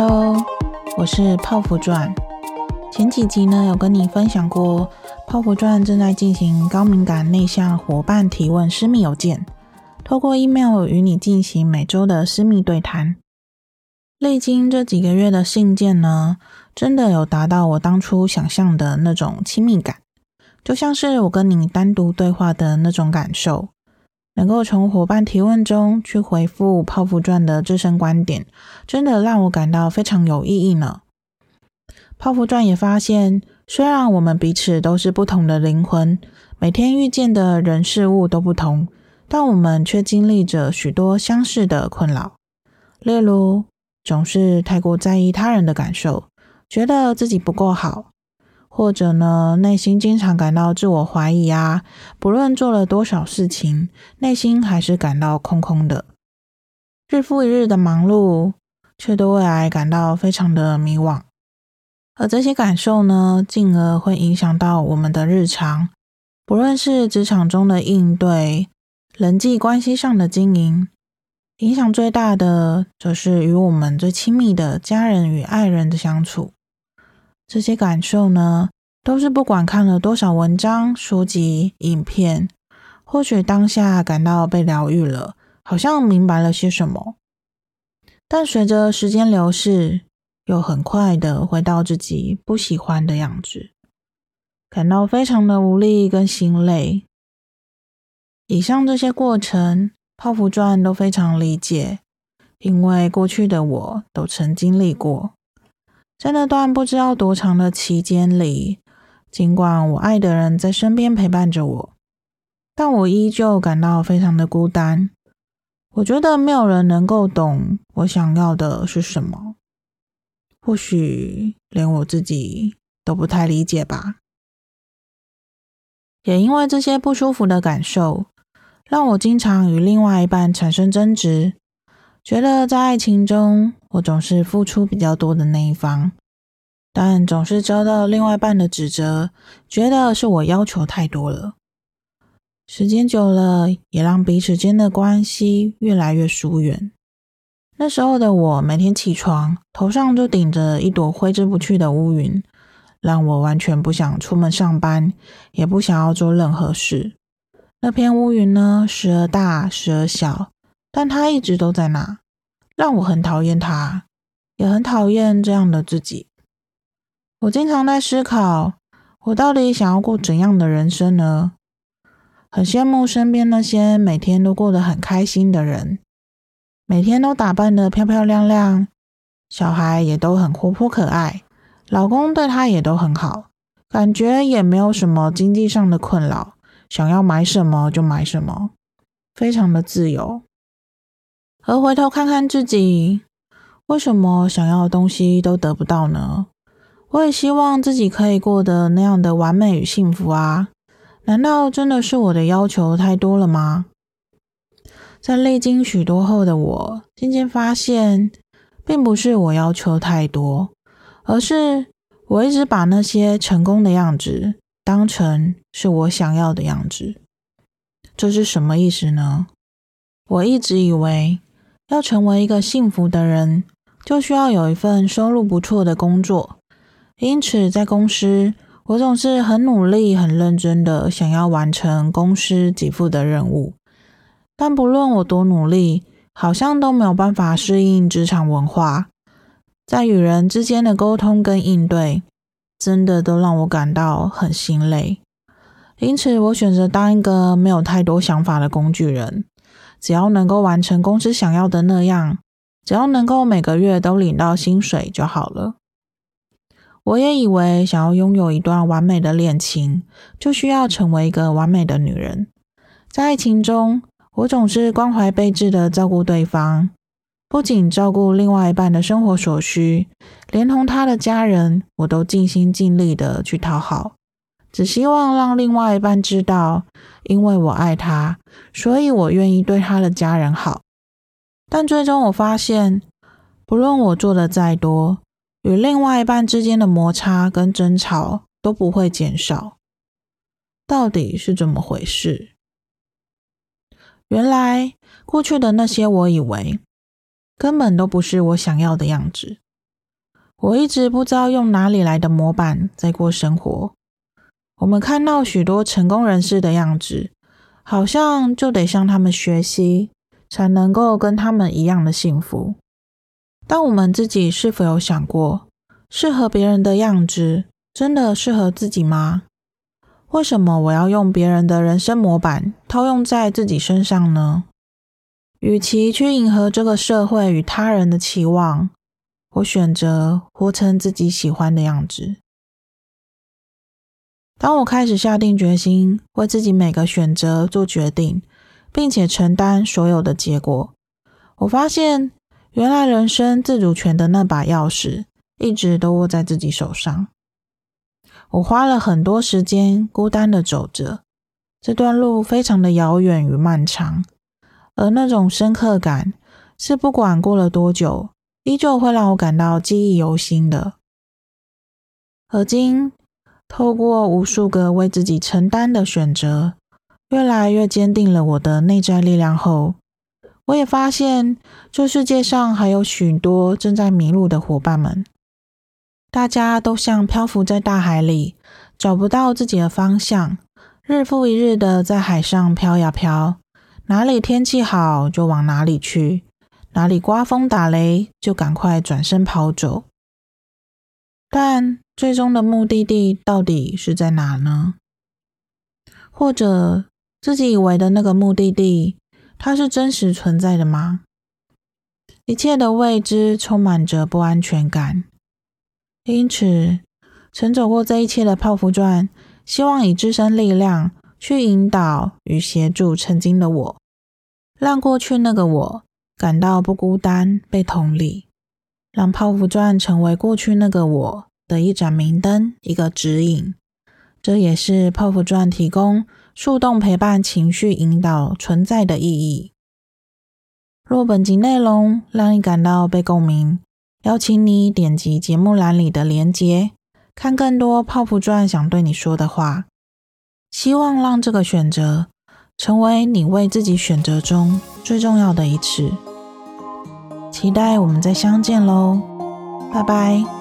Hello，我是泡芙鑽。前幾集呢，有跟你分享過，泡芙鑽正在進行高敏感內向夥伴提問私密郵件，透過 email 與你進行每周的私密對談。歷經這幾個月的信件呢，真的有達到我當初想象的那種親密感，就像是我跟你單獨對話的那種感受。能夠從伙伴提問中去回覆泡芙鑽的自身觀點，真的讓我感到非常有意義呢。泡芙鑽也發現，雖然我們彼此都是不同的靈魂，每天遇見的人事物都不同，但我們卻經歷着許多相似的困擾，例如總是太過在意他人的感受，覺得自己不夠好。或者呢，內心經常感到自我懷疑啊，不論做了多少事情，內心還是感到空空的。日復一日的忙碌，卻對未來感到非常的迷惘。而這些感受呢，進而會影響到我們的日常，不論是職場中的應對，人際關係上的經營，影響最大的則是與我們最親密的家人與愛人的相處。這些感受呢，都是不管看了多少文章、書籍、影片，或許當下感到被療癒了，好像明白了些什麼。但隨着時間流逝，又很快的回到自己不喜歡的樣子，感到非常的無力跟心累。以上這些過程，泡芙鑽都非常理解，因為過去的我都曾經歷過。在那段不知道多長的期間裡，儘管我愛的人在身邊陪伴着我，但我依舊感到非常的孤單。我覺得沒有人能夠懂我想要的是什麼，或許連我自己都不太理解吧。也因為這些不舒服的感受，讓我經常與另外一半產生爭執。覺得在愛情中，我總是付出比較多的那一方，但總是遭到另外一半的指責，覺得是我要求太多了。時間久了，也讓彼此間的關係越來越疏遠。那時候的我，每天起床，頭上就頂着一朵揮之不去的烏雲，讓我完全不想出門上班，也不想要做任何事。那片烏雲呢，時而大，時而小。但他一直都在那，讓我很討厭他，也很討厭這樣的自己。我經常在思考，我到底想要過怎樣的人生呢？很羨慕身邊那些每天都過得很開心的人，每天都打扮得漂漂亮亮，小孩也都很活潑可愛，老公對他也都很好，感覺也沒有什麼經濟上的困擾，想要買什麼就買什麼，非常的自由。而回頭看看自己，為什麼想要的東西都得不到呢？我也希望自己可以過得那樣的完美與幸福啊！難道真的是我的要求太多了嗎？在歷經許多後的我漸漸發現，並不是我要求太多，而是我一直把那些成功的樣子當成是我想要的樣子。這是什麼意思呢？我一直以為。要成為一個幸福的人，就需要有一份收入不錯的工作。因此，在公司，我總是很努力、很認真地想要完成公司給付的任務。但不論我多努力，好像都沒有辦法適應職場文化，在與人之間的溝通跟應對，真的都讓我感到很心累。因此，我選擇當一個沒有太多想法的工具人。只要能夠完成公司想要的那樣，只要能夠每個月都領到薪水就好了。我也以為想要擁有一段完美的戀情，就需要成為一個完美的女人。在愛情中，我總是關懷備至的照顧對方，不僅照顧另外一半的生活所需，連同他的家人，我都盡心盡力的去討好。只希望讓另外一半知道，因為我愛他，所以我願意對他的家人好。但最終我發現，不論我做的再多，與另外一半之間的摩擦跟爭吵都不會減少。到底是怎麼回事？原來過去的那些，我以為根本都不是我想要的樣子。我一直不知道用哪裡來的模板在過生活。我們看到許多成功人士的樣子，好像就得向他們學習，才能夠跟他們一樣的幸福。但我們自己是否有想過，適合別人的樣子，真的適合自己嗎？為什麼我要用別人的人生模板，套用在自己身上呢？與其去迎合這個社會與他人的期望，我選擇活成自己喜歡的樣子。當我開始下定決心為自己每個選擇做決定，並且承擔所有的結果，我發現原來人生自主權的那把鑰匙一直都握在自己手上。我花了很多時間孤單地走着，這段路非常的遙遠與漫長，而那種深刻感是不管過了多久，依舊會讓我感到記憶猶新的。而今，透過無數個為自己承擔的選擇，越來越堅定了我的內在力量後，我也發現這世界上還有許多正在迷路的夥伴們。大家都像漂浮在大海裡，找不到自己的方向，日復一日的在海上飄呀飄，哪裡天氣好就往哪裡去，哪裡颳風打雷就趕快轉身跑走。但最終的目的地到底是在哪呢？或者自己以為的那個目的地，它是真實存在的嗎？一切的未知充滿着不安全感，因此曾走過這一切的泡芙鑽，希望以自身力量去引導與協助曾經的我，讓過去那個我感到不孤單，被同理。讓泡芙鑽成為過去那個我的一盞明燈，一個指引。這也是泡芙鑽提供樹洞陪伴、情緒引導存在的意義。若本集內容讓你感到被共鳴，邀請你點擊節目欄裡的連結，看更多泡芙鑽想對你說的話。希望讓這個選擇成為你為自己選擇中最重要的一次。期待我們再相見嘍，拜拜。